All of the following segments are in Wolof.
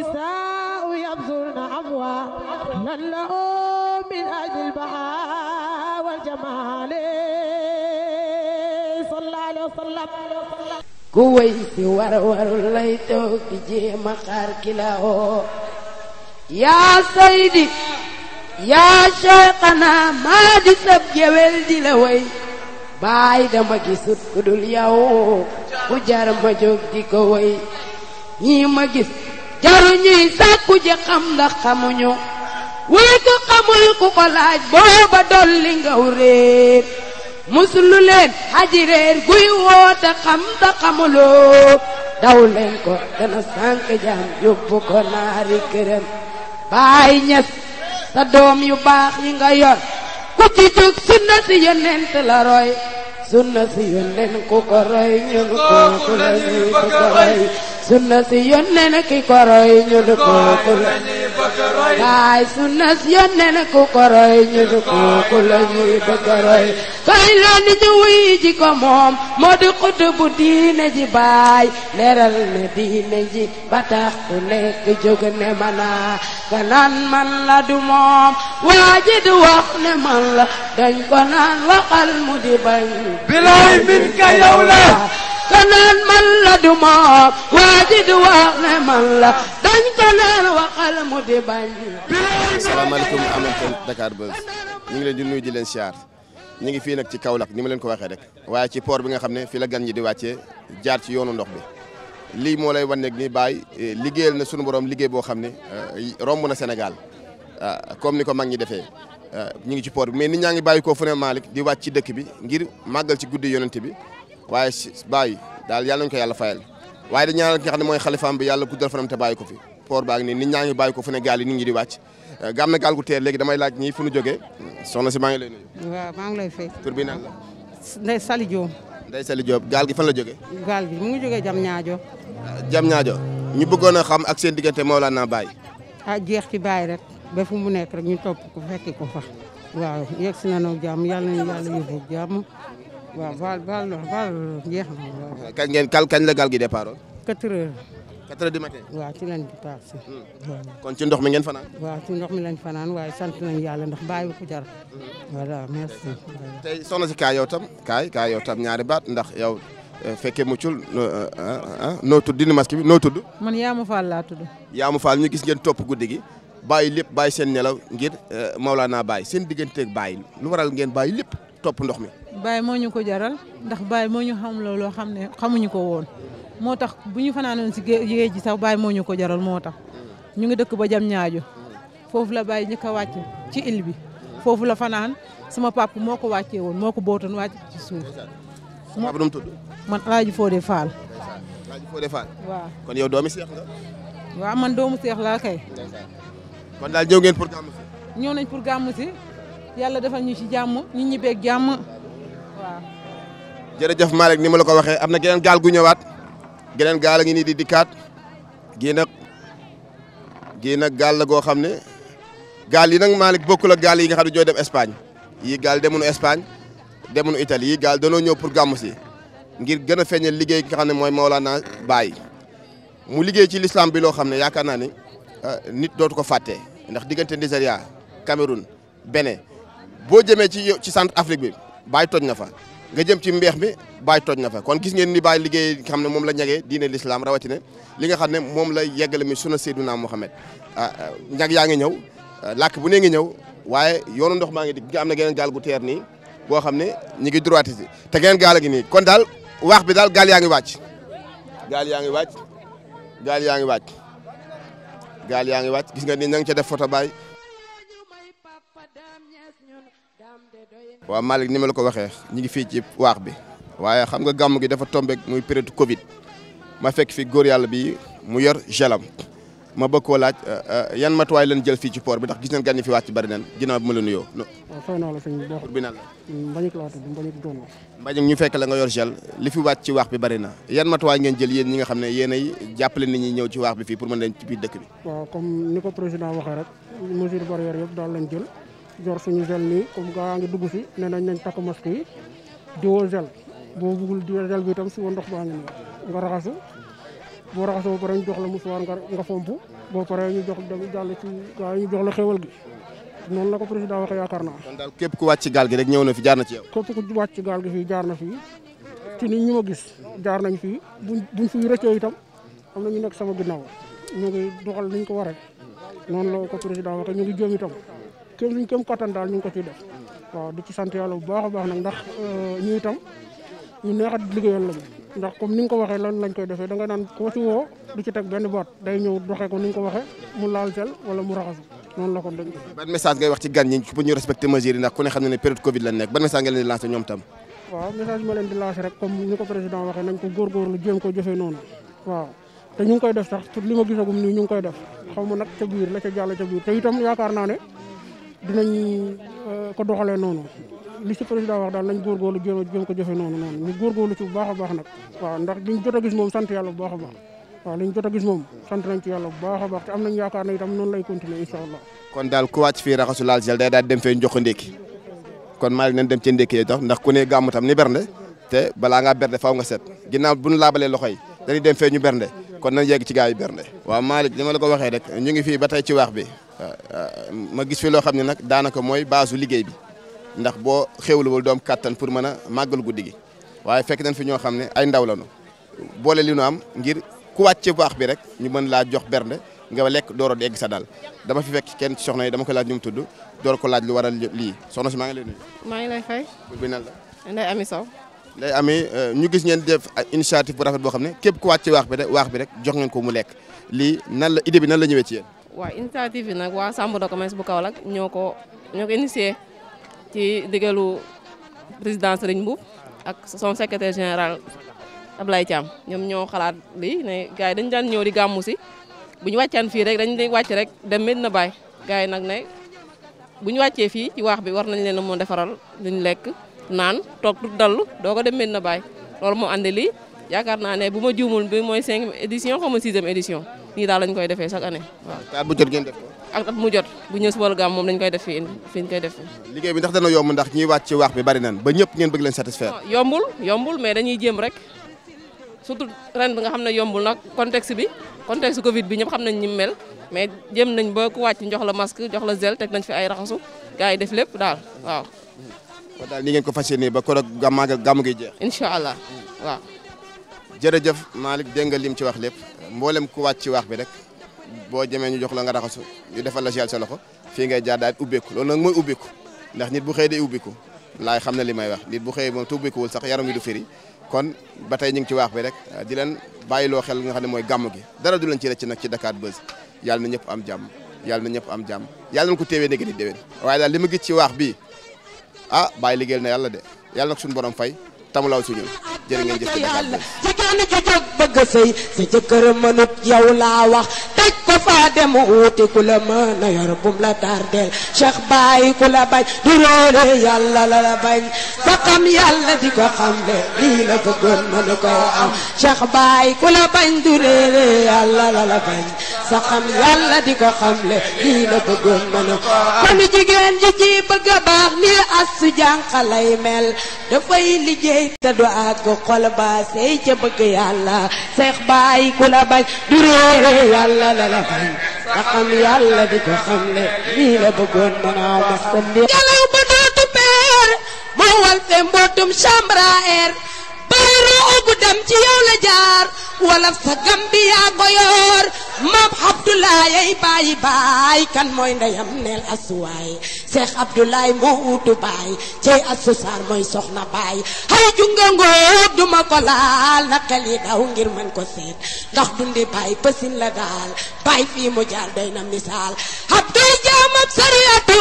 النساء يبذلن أموالا لهم من أجل البهاء والجمال صلى الله عليه وسلم ku wëy di war warul lay toog di jéem a xaar ki la yaa saydi yaa cheikhana maa di sab géwél di la wëy baay dama gisut ku dul yow ku jar ma jóg di ko wëy ñii ma gis jaru ñuy sàkku ji xam ndax xamuñu way ko xamul ku ko laaj booba dolli ngaw réer muslu leen aji guy woote xam te xamuloo daw leen ko dana sànq yóbbu ko naari këram baay ñes sa doom yu baax yi nga yor ku ci jóg sunna si yonent la sunnati yónneen ku ko roy ñu du kooku la ñuy bëgg a roy sunnati yónneen ki ko roy ñu du kooku la baay sunna si yónneen ku ko ñu du kooku la ñuy bëgg a roy kay wuy ji ko moom moo di xudd bu diine ji baay leeral na diine ji ba tax ku nekk jóg ne manaa ka naan man la du moom waa ji du ne man la dañ ko naan mu di bañ bilaay min ka yow la kanaan man la du moom waajid wax ne man la dañ ko naan waxal mu di bañ salaamaaleykum amanten Dakar Buzz ñu ngi leen di nuyu di leen siyaar ñu ngi fii nag ci Kaolack ni ma leen ko waxee rek waaye ci port bi nga xam ne fii la gan ñi di wàccee jaar ci yoonu ndox bi lii moo lay wan nag ni Baye liggéeyal na sunu borom liggéey boo xam ne euh, romb na Sénégal euh, comme ni ko mag ñi defee euh, ñu ngi ci poor bi mais nit ñaa ngi bàyyi koo fu ne Malick di wàcc ci dëkk bi ngir màggal guddi yonent bi waaye bàyyi daal yàlla nañu ko yàlla fayal waaye da a ki nga xam ne mooy xalifaam bi yàlla guddal fanam te bàyyi ko fi port baa ngi nii nit ñaa ngi bàyyi ko fu ne gaal yi euh, na si maa ngi lay nuyu waaw maa ngi lay fay tur bi nan la Ndeye Sali Diop Ndeye gi fan la jógee gaal gi mu ngi jógee jam ñaajo jam ñaajo ñu bëggoon a xam ak seen moo diggante naa Baye a ah, jeex ci Baye rek ba fu mu nekk rek ñu topp ko fekki ko fa waaw yegg si na noo jàmm nañu yàlla yóbbu jàmm waaw Vaal Vaal Vaal jeex na. ngeen kal gaal gi départ. 4 heures. 4 heures du matin. Hmm. ci ndox mi ngeen fanaan. ndox mi lañ fanaan waaye sant nañu yàlla ndax bàyyi ko jar. Hmm. voilà merci. tey kaay yow tam kaay kaay yow tam ñaari baat ndax yow eh, fekkee muccul eh, eh, noo tudd dina masque bi noo tudd. man Yaamu Fall laa tudd. Yaamu Fall ñu gis ngeen topp guddi gi. bàyyi lépp bàyyi seen nelaw ngir Maulana Baye seen digganteeg bàyyi lu waral ngeen bàyyi lépp. topp ndox mi. Baye moo ñu ko jaral ndax baay moo ñu xam loo xam ne xamuñu ko woon moo tax bu ñu fanaanoon si géej gi sax baay moo ñu ko jaral moo tax ñu ngi dëkk ba jam ñaajo foofu la Baye njëkk a wàcc ci île bi foofu la fanaan suma papa moo ko wàccee woon moo ko bootoon wàcc ci suuf. papa nu tudd. man El Hadj Fodé Fall. waaw kon yow doomi seex la waaw man doomu seex laa kay. kon daal ñëw ngeen pour gàmmu yàlla defal ñu ci jàmm ñu ñibbeeg jàmm waaw. jërëjëf Malick ni ma la ko waxee am na geneen gaal gu ñëwaat geneen gaal a ngi nii di dikkaat gii nag gii nag gaal la goo xam ne gaal yi nag Malick bokkul a gaal yi nga xam ne jooy dem Espagne yii gaal demunu Espagne demunu Italie yii gaal danoo ñëw pour gàmmu si ngir gën a feeñal liggéey ka xam ne mooy Maolana Baye mu liggéey ci l'islam bi loo xam ne yaakaar naa ni ah, nit dootu ko fàtte ndax diggante Nigéria Cameroun Bénin boo jëmee ci ci centre Afrique bi baay toj na fa nga jëm ci mbeex mi Baye toj na fa kon gis ngeen ni baay liggéey xam ne moom la ñage dine lislaam rawatina li nga xam ne moom la yeggale mi suna Seydina Mohamed ah, ah, ñag yaa ngi ñëw ah, làkk bu ne ngi ñëw waaye yoonu ndox maa ngi di nga am na geneen gaal gu teer nii boo xam ne ñi gi droite si te geneen gaal a ngi nii kon daal waax bi daal gaal yaa ngi wàcc gaal yaa ngi wàcc gaal yaa ngi wàcc gaal yaa ngi wàcc gis nga nii ña ca def photo Baye waaw Malick ni ma la ko waxee ñu ngi fii ci waax bi waaye xam nga gàmm gi dafa tombé muy période Covid ma fekk fi góor yàlla bi mu yor gelam ma bëgg koo laaj euh, euh, yan matuwaay lañ jël fii ci port bi ndax gis nañ gan fi wàcc ci bari nañ ginnaaw bi ma la nuyoo. waaw fay naa la sëñ bi baax laa tudd Mbagnick doon na. Mbagnick ñu fekk la nga yor gel li fi wàcc ci waax bi bari na yan matuwaay ngeen jël yen ñi nga xam ne yéen ay jàppale nit ñi ñëw ci waax bi fii pour mën leen ci biir dëkk bi. waaw comme ni ko président waxee rek mesure barrière yëpp daal lañ jël yor suñu gel nii comme gaa ngi dugg fi nee nañ nañ takk masque yi diwoo gel boo bëggul diwoo gel bi itam si wa ndox baa ngi nii nga raxasu boo raxasoo ba pare ñu jox la musuwaar nga nga fomp boo paree ñu jox dem jàll ci gaa ñu jox la xéwal gi noonu la ko président waxee yaakaar naa. kon daal képp ku wàcc gaal gi rek ñëw na fi jaar na ci yow. képp ku wàcc gaal gi fii jaar na fii ci nit ñi ma gis jaar nañ fii buñ buñ fi rëccoo itam am na ñu nekk sama ginnaaw ñu ngi doxal niñ ko waree noonu la ko président waxee ñu ngi jëm itam kéem luñ kéem kattan daal ñu ngi ko ciy def waaw di ci sant yàlla a baax nag euh, ñu itam a liggéeyal lañu ndax comme ni nga ko waxee lañ koy defee da nga naan koo ci woo du ci teg benn boot day ko ni nga mu laal sel raxasu noonu la ko dañ ban message ngay wax ci gan ñu respecter mesures yi ndax ku ne xam ne ne période Covid la nekk ban ko président ko góorgóorlu jéem te ñu ngi koy def sax li ma gisagum nii koy def xaw ma nag ca biir la ca jàll ca biir naa ne dinañ euh, ko doxalee noonu li si président wax daal nañ góorgóorlu jéem a jéem ko jëfe noonu noonu ñu góorgóorlu ci bu baax a baax nag waaw ndax liñ jot a gis moom sant yàlla bu baax a baax waaw liñ jot a gis moom sant nañ ci yàlla bu baax a baax te am nañ yaakaar na itam noonu lay continuer incha allah kon daal ku wàcc fii raxasu laal gel day daal dem fee jox ko kon maa ngi leen dem ci ndékki yi ndax ku ne gàmmu tam ni bernde te balaa ngaa bernde faaw nga set ginnaaw bu ñu laabalee loxo yi dañuy dem fee ñu bernde kon nañ yegg ci gaa yi bernde waaw Malick li ma la ko waxee rek ñu ngi fi ba tey ci waax bi euh, euh, ma gis fi loo xam ne nag daanaka mooy baasu liggéey bi ndax boo xewluwul doom kàttan pour mën a màggal guddi gi waaye fekk nañ fi ñoo xam ne ay ndaw lañu boole li nu am ngir ku wàcc ci waax bi rek ñu mën laa jox bernde nga lekk dooro di egg sa daal dama fi fekk kenn soxna yi dama ko laaj ñu mu tudd door ko laaj lu waral lii soxna si maa ngi leen nuyu. maa ngi lay day amee euh, ñu gis ngeen def initiative bu rafet boo xam ne képp ku wàcc ci waax bi rek waax bi rek jox ngeen ko mu lekk lii nan la idée bi nan la ñëwee ci yéen. waaw initiative bi nag waa chambre de commerce bu Kaolack ñoo ko ñoo ko initié ci digalu président Serigne Mboup ak son secretaire général Ablaye Thiam ñoom ñoo xalaat bi ne gars yi dañu daan ñëw di gàmmu si bu ñu wàccaan fii rek dañu wàcc rek dem Medina Baye gars yi nag ne bu ñu wàccee fii ci waax bi war nañ leen moom mën defaral luñ lekk. naan toog tut dallu doo ko dem na Baye loolu moo andi lii yaakaar naa ne bu ma juumul bi mooy cinquième édition xaw ma sixième édition nii daal lañ koy defee chaque année waaw. at bu ngeen at mu jot bu ñëw si wàllu gàmm moom dañ koy def fii fi ñu koy def. liggéey bi ndax dana yomb ndax ñiy wàcc ci waax bi bari nan ba ñëpp ngeen bëgg leen satisfaire. yombul yombul mais dañuy jéem rek surtout ren bi nga xam ne yombul nag contexte bi contexte Covid bi ñëpp xam nañ ñi mel mais jéem nañ boo ku wàcc jox la masque jox la gel teg nañ fi ay raxasu gars yi def lépp daal waaw. kon daal ni ngeen ko fas yéenee ba keroog gàmmu gàmmu gi jeex. incha allah waaw. jërëjëf Malick dégg nga lim ci wax lépp mboolem ku wàcc ci waax bi rek boo jemee ñu jox la nga raxasu ñu defal la gel sa loxo fii ngay jaar daal ubbeeku loolu nag mooy ubbeeku ndax nit bu xëy day ubbeeku laay xam na li may wax nit bu xëy moom te ubbeekuwul sax yaram wi du firi kon ba tey ñu ngi ci wax bi rek di leen bàyyiloo xel nga xam ne mooy gàmm gi dara du leen ci rëcc nag ci Dakar Buzz yàlla na ñëpp am jàmm yàlla na ñëpp am jàmm yàlla nañ ko téewee négé di déwén waaye daal li ci wax bii ah bàyyi liggéeyal na yàlla de yàlla nag suñu borom fay tamulaaw si ñun jërë ngeen jëf ci Dakar Buzz jigéen ju bëgg sëy sa jëkkër mënut yow laa wax Moustapha dem wuti ku la mën a yor bum la tardeel Cheikh Baye ku la bañ du loole yàlla la la bañ sa xam yàlla di ko xam le lii la bëggoon mënu ko ko am kon jigéen a ku la bañ du loole yàlla la la tey nga xam yàlla di ko xamle la bëggoon mën a wax sa mbir jalaw ba dootu peer moo wal fe mbootum chambre à air bari roogu dem ci yow la jaar wala sa Gambia goyoor maam Abdoulaye ay bàyyi baay kan mooy ndeyam neel asuwaay Cheikh Abdoulaye Mbuutu Baay cey Astou Sarr mooy soxna baay hay junga ngóob duma ko laal na xel yi daw ngir mën ko seet ndax dundi baay pësin la daal baay fii mu jaar doy na misaal ab doy jaamab sariyatu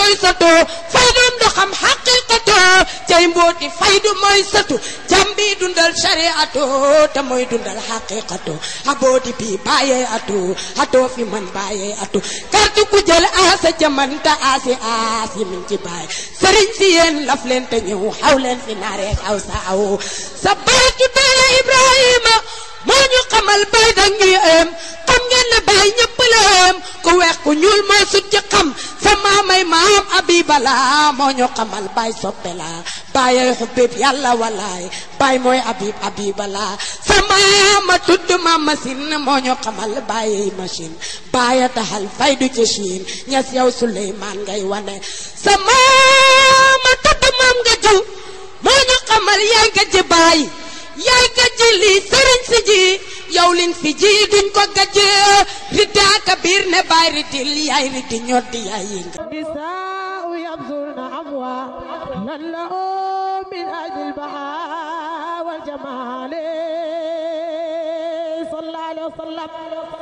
doy satu faydum du xam xaqiqatu cay mbooti faydu mooy satu jam bi dundal shariatu te mooy dundal xaqiqatu aboodi bi bàyyee atu atoo fi man bàyyee atu kartu ku jël aasa jaman aasi aasi min ci bàyyi sëriñ si yéen laf fi naaree xaw sa aw sa barki bàyyi Ibrahima moo ñu xamal ngi am benn baay ñëpp laam ku weex ku ñuul moo sut ci xam sa maamay maam abiba la moo ñu xamal baay soppe la baayay xubbib yàlla walaay baay mooy abib abiba la sa maama tudd ma machine moo ñu xamal baayay machine baaya taxal faydu ci siin ñas yow suleymaan ngay wane sa maama tudd maam nga jiw moo ñu xamal yaay nga ji baay yaay nga ji lii sëriñ si ji yow liñ fi ji duñ ko gëj riddaaka biir ne baay riddil yaay riddi ñor di yaay yënga nisaa yabzulna amwa lan la min ajli albaha wal jamaale sallallahu alayhi wa sallam